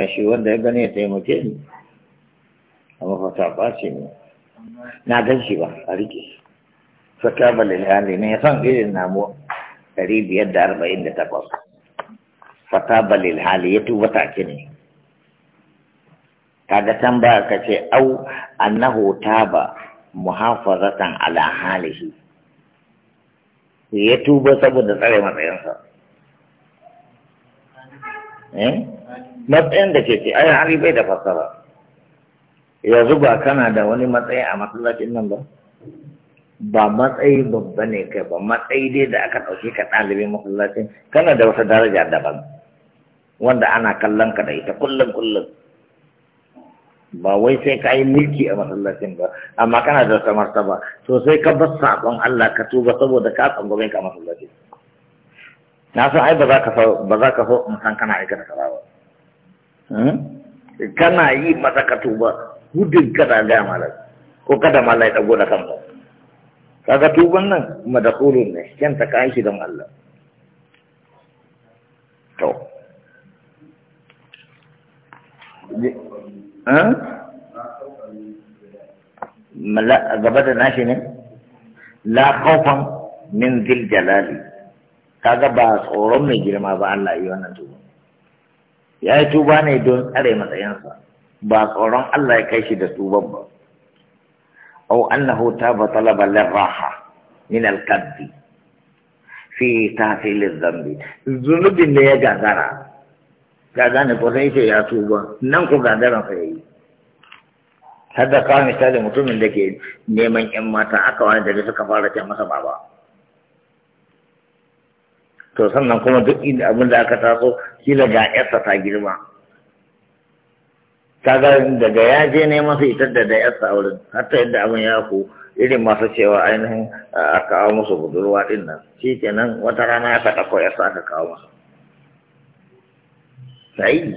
kashi wanda ya gane ya taimake ni a mafata ba ce ne na gan shi ba a rike saka balil hali ne ya san irin namu ɗari biyar da arba'in da takwas fata balil hali ya tuba take ne kaga tambaya ka ce au annahu taba muhafazatan ala halihi ya tuba saboda tsare matsayinsa Eh? matsayin da ke ce ai hari bai da fasara ya ba kana da wani matsayi a masallacin nan ba ba matsayi babba ne kai ba matsayi dai da aka ɗauke ka ɗalibin masallacin kana da wata daraja daban wanda ana kallon ka da ita kullum kullum ba wai sai ka yi mulki a masallacin ba amma kana da wata ba, sosai sai ka bar saƙon Allah ka tuba saboda ka tsangwame ka masallacin na san ai ba za ka so ba za ka so in san kana aikata kaza ba hmm? kana yi masa ka tuba hudun kada gaya malai ko kada malai dago da kanka kaga tuban nan madkhulun ne kenta ta aiki shi don Allah to eh mala gaba da nashi ne la kofan min zil jalali kaga ba tsoron mai girma ba Allah yi wannan tuba ya yi tuba ne don tsare matsayinsa ba tsoron Allah ya kai shi da tuban ba au annahu taba talaba lir raha min al fi tafil dhanbi zunubin ne ya gagara gagara ne ko sai ce ya tuba nan ko gagara fa yi hadda ka misali mutumin da ke neman yan mata aka wani da suka fara ce masa baba to sannan kuma duk inda abin da aka taso kila ga yarsa ta girma Ta ga daga ya je ne masa ita da da yarsa a wurin hatta yadda abin ya ku irin masu cewa ainihin a kawo musu budurwa din nan shi kenan wata rana ya faɗa ko yarsa aka kawo masa sai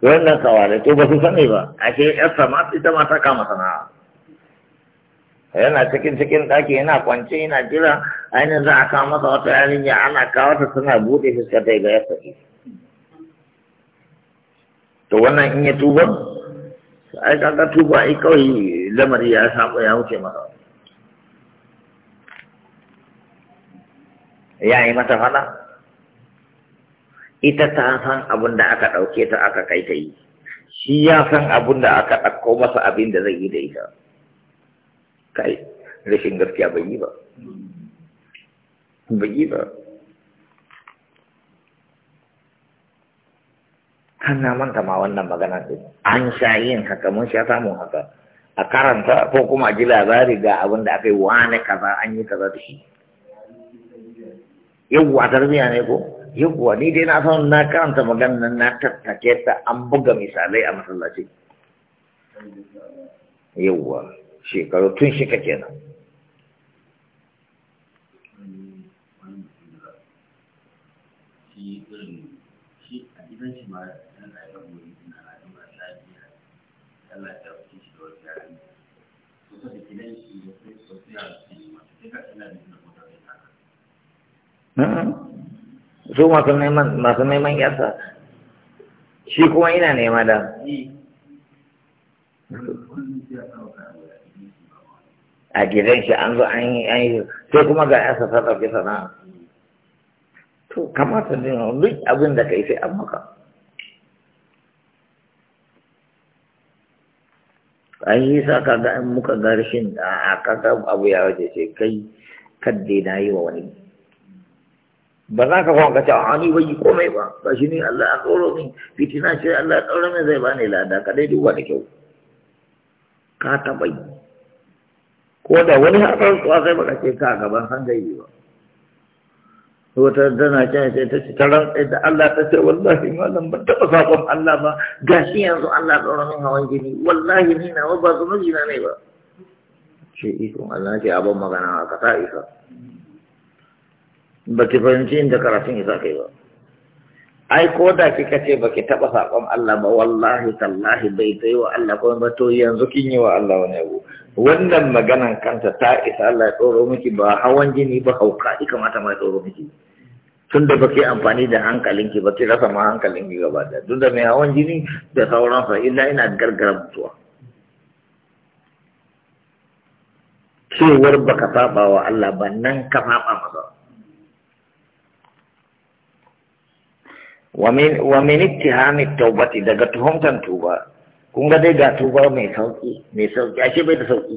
wannan kawai to ba su sani ba ake yarsa ma ita ma ta kama sana'a yana cikin cikin ɗaki yana kwance yana jira ainihin za a kawo masa wata yarinya ana kawo ta suna buɗe fuska ta ga yasa to wannan in ya tuba ai kaga tuba ai kawai lamari ya samu ya wuce masa ya yi mata fana ita ta san abin da aka ɗauke ta aka kai ta yi shi ya san abin da aka ɗauko masa abin da zai yi da ita kai rashin gaskiya bai yi ba bai yi ba Hanna manta ma wannan magana ce an sha yin haka mun sha samun haka a karanta ko kuma a ji labari ga abin da aka yi wani kaza an yi kaza da shi yawwa tarbiyya ne ko yawwa ni dai na san na karanta magana na tattake ta an buga misalai a masallaci yawwa shekaru tun shika kenan su masu neman masu neman yasa shi kuma ina nema da a gidan shi an zo an yi an yi sai kuma ga yasa ta ɗauki sana'a to kamata ne duk abin da ka yi sai an maka an yi sa ka ga an muka garshin rashin a ga abu ya waje ce kai kadde na yi wa wani ba za ka kwanka cewa ani bai yi komai ba ba shi ne Allah ya tsoro min fitina ce Allah ya tsoro min zai bani lada ka dai duba da kyau ka taɓa yi ko da wani haɗar a sai baka ce ka gaban san ba to ta tana ce ce ta ci taron sai da Allah ta ce wallahi malam ban taɓa sakon Allah ba gashi yanzu Allah ɗora min hawan jini wallahi ni na ba su mijina ne ba ce ikon Allah ce abin magana a kasa isa ba ki fahimci inda karatun isa kai ba ai ko da kika ce baki taba sakon Allah ba wallahi tallahi bai kai wa Allah ko ba to yanzu kin yi wa Allah wani abu wannan maganan kanta ta isa Allah ya tsoro miki ba hawan jini ba hauka ya kamata ma ya tsoro miki tun da baki amfani da hankalinki ba ki rasa ma hankalinki gaba da tun da mai hawan jini da fa illa ina gargara mutuwa cewar baka saba wa Allah ba nan ka saba masa wa min wa min ittihami tawbati daga tuhumtan tuba kun ga dai ga tuba mai sauki mai sauki ashe bai da sauki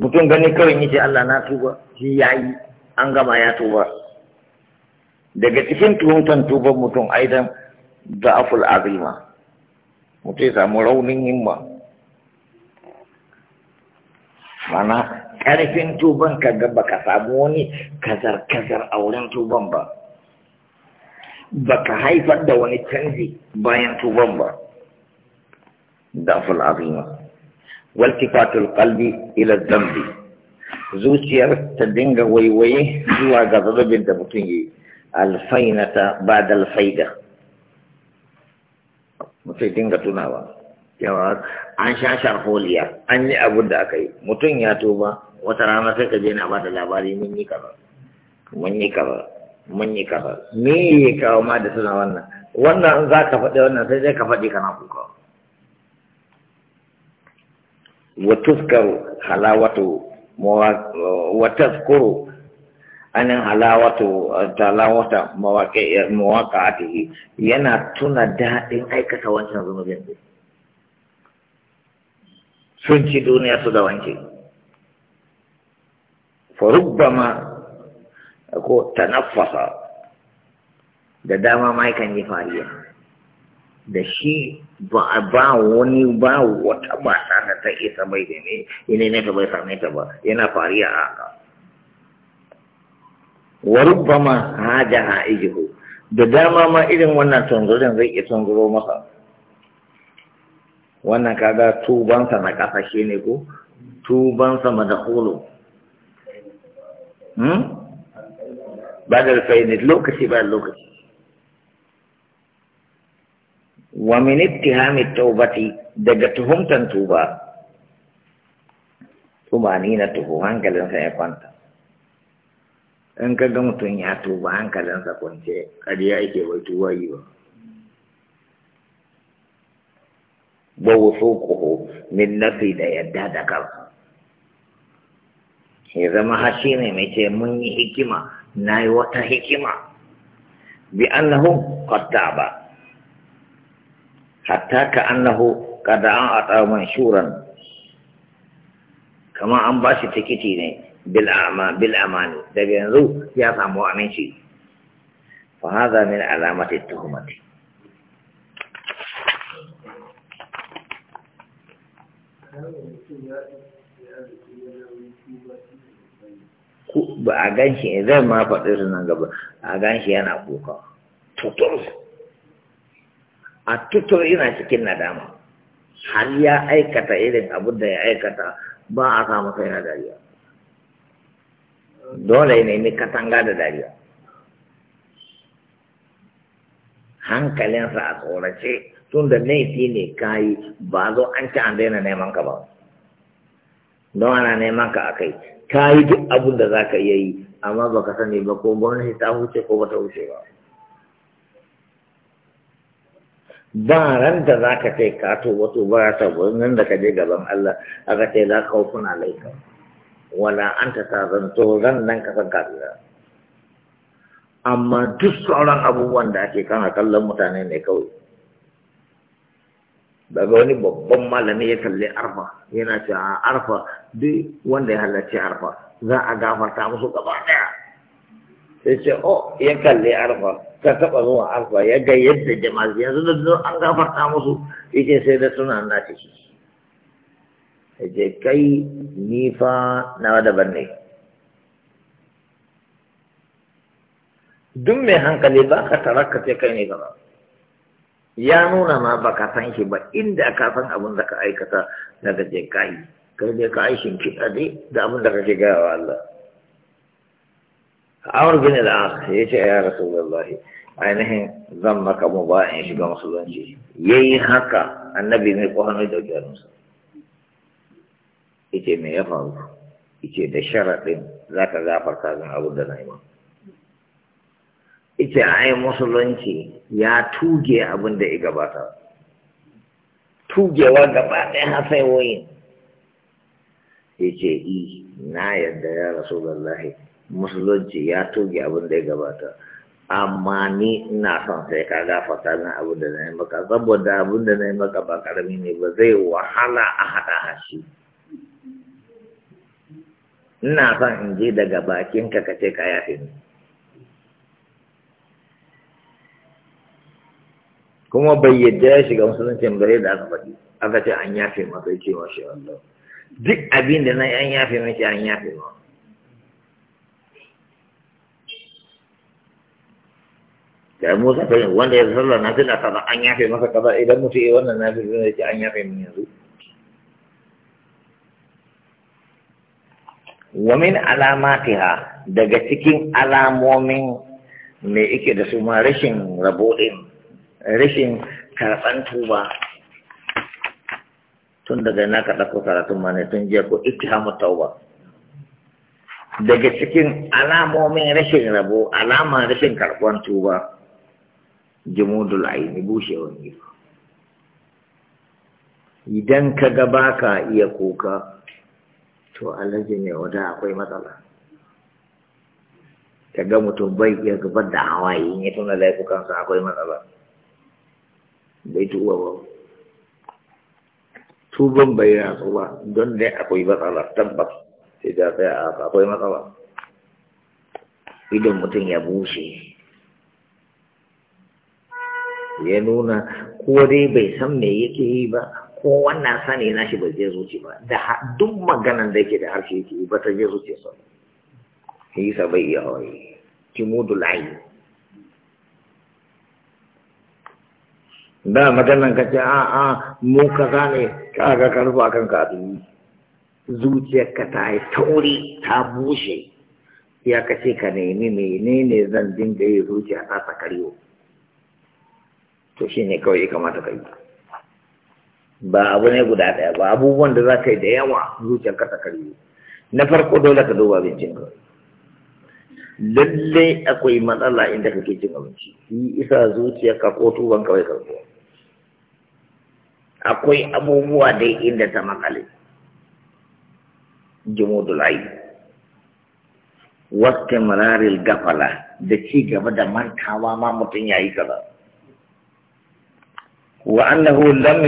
mutum gani kawai yace Allah na tuba shi yayi an gama ya tuba daga cikin tuhumtan tuban mutum aidan aful azima mutum ya samu raunin himma mana karfin tuban ka ga baka samu wani kazar kazar a wurin tuban ba baka haifar da wani canji bayan tuban ba daful azima waltifatul qalbi ila dhanbi zuciyar ta dinga waiwaye zuwa ga zazabin da mutum yi alfainata ba da alfaida mutum dinga tunawa yawa an sha sharholiya an yi abin da aka yi mutum ya tuba wata rana sai ka je na ba da labari mun yi kaza mun yi kaza mun yi kafa me ya kawo ma da suna wannan wannan za ka faɗi wannan sai dai ka faɗi kana kuka wa tuskaru halawatu wa taskuru anin halawatu talawata a atihi yana tuna daɗin aikata wancan zunubin sun ci duniya su da wanke فربما ko tanaffasa da dama ma yakan yi fariya da shi ba ba wani ba wata mata da ta isa bai da ne ina ne ta bai same ta ba yana fariya a haka wa rubbama ha ijihu da dama ma irin wannan tunzurin zai iya tunzuro masa wannan kaga tubansa na kasashe ne ko tubansa madakulu hmm? ba da ne lokaci bayan lokaci wa min ittihami taubati daga tuhumtan tuba tumani na tuhu hankalinsa ya kwanta in ka ga mutum ya tuba hankalinsa kwance ƙarya yake bai tuba yi ba Ba wasu kuhu min nafi da yadda da kansa ya zama hashi ne mai ce mun yi hikima na yi wata hikima bi annahu qad ta'aba hatta ka annahu qad a'ata manshuran kama an ba shi tikiti ne bil ama bil amani daga yanzu ya samu aminci fa hadha min alamati tuhmati Thank you. ba a gan shi zai ma faɗi su nan gaba a gan yana kuka tutur a tutur yana cikin nadama har ya aikata irin abin da ya aikata ba a samu sai na dariya dole ya nemi katanga da dariya hankalinsa a tsorace tun da laifi ne kayi ba zo an ci an daina neman ka ba don ana neman ka akai ka yi duk abin da za ka iya yi amma baka sani ba ko gwamnati ta huce ko ba ta huce ba ba ran da za ka ce ka to wato ba ta nan da ka je gaban Allah aka ce za ka hukuna laika wala an ta zanto zan nan ka san kafira amma duk sauran abubuwan da ake kana kallon mutane ne kawai daga wani babban malami ya kalli arfa yana ce a arfa duk wanda ya halarci arfa za a gafarta musu gaba daya sai ce o oh, ya kalli arfa ka taba zuwa arfa ya ga yadda jama'a yanzu da an gafarta musu yake sai da suna na ciki je kai ni fa na daban ne duk mai hankali ba ka tara ka ce kai ne gaba ya nuna ma ba ka san shi ba inda ka san abin da ka aikata daga je ka yi kai dai ka aishin ki dai da abin da kake gaya wa Allah Amr bin al ya ce ya Rasulullah ainihin zan maka mu ba in shiga musulunci yayi haka annabi mai kwahanoi da gyaransa yace me ya faru yace da sharaɗin zaka zafarta zan abin da na yi ita ai musulunci ya tuge abin da ya gabata tugewa gaba ɗaya hasai wayin ya ce i na yadda ya rasu lallahi musulunci ya tuge abin da ya gabata amma ni ina son sai ka gafarta min abin da na yi maka saboda abin da na yi maka ba karami ne ba zai wahala a haɗa hashi ina son in je daga bakinka ka ce ka yafe ni kuma bai yadda ya shiga musulunci bare da aka faɗi aka ce an yafe masa ya ce wa shi wanda duk abin da na an yafe mace an yafe ma da mu ta yi wanda ya sallar na tuna kaza an yafe masa kaza idan mutu yi wannan na fi zai ce an yafe min yanzu wa min alamatiha daga cikin alamomin me yake da su ma rashin rabo din rashin karɓan tuba tun daga na ka ko karatun ma ne tun jiya ko ittihamu tauba daga cikin alamomin rashin rabo alama rashin karɓan tuba jimudul aini bushe wani idan ka ga baka iya kuka to alhaji ne wada akwai matsala ka ga mutum bai iya gabar da hawaye ne tun da laifukansa akwai matsala bai tuba ba tuban bai su ba don ne akwai matsala tabbas sai da tsaya a akwai matsala idan mutum ya bushe ya nuna ko dai bai san me yake yi ba ko wannan sani na shi bai je zuci ba da duk maganan da yake da harshe yake yi ba ta je zuci sa yi sa bai iya hawaye ki mudu layi da maganan ka ce a a mu kaza ne ka ga karfu akan ka zuciyar ka ta yi tauri ta bushe ya kace ka nemi menene zan dinga yi zuciya ta ta karyo to ne kawai kamata ka yi ba abu ne guda ɗaya ba abubuwan da za ka yi da yawa ka ta karyo na farko dole ka duba bincin ka lallai akwai matsala inda kake cin abinci yi isa ka ko tuban kawai karbuwa akwai abubuwa dai inda ta makale jumudul ayi wasu mararil gafala da ci gaba da mantawa ma mutum ya yi kaza wa annahu lam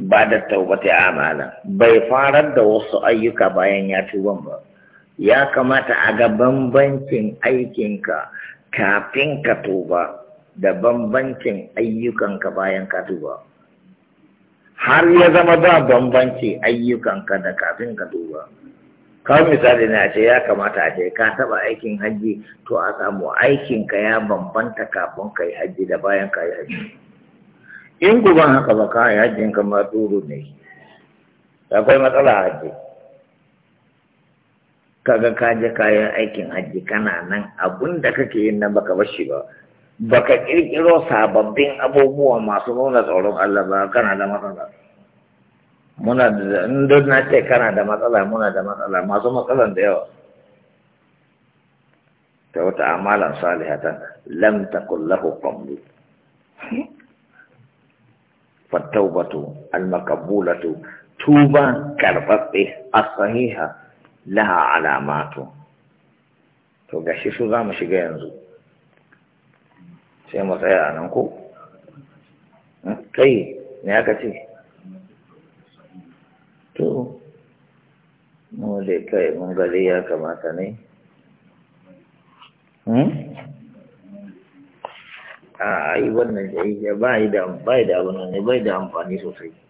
ba da tawbati amala bai farar da wasu ayyuka bayan ya tuba ba ya kamata a ga bambancin aikinka kafin ka tuba da bambancin ayyukanka bayan ka tuba har ya zama ba bambanci ayyukanka da kafin ka duba kawai misali na ce ya kamata a ce ka taba aikin hajji to a samu aikinka ya bambanta kafin ka yi hajji da bayan ka yi hajji in guban haka ba ka yi hajjin ka duru ne akwai matsala a hajji kaga ka je kayan aikin hajji kana nan abun da kake yin nan baka bar ba baka kirkiro sababbin abubuwa masu nuna tsoron Allah ba kana da matsala muna da duk na ce kana da matsala muna da matsala masu matsalan da yawa ta wata amalan salihatan lam takul lahu qablu fattaubatu almaqbulatu tuba karbabbe as-sahiha laha alamatu to gashi su zamu shiga yanzu sai mu tsaya a nan ko hmm? kai ne aka ce to mu da kai mun gari ya kamata ne hmm? a yi wannan ba yi da abin ne bai da amfani sosai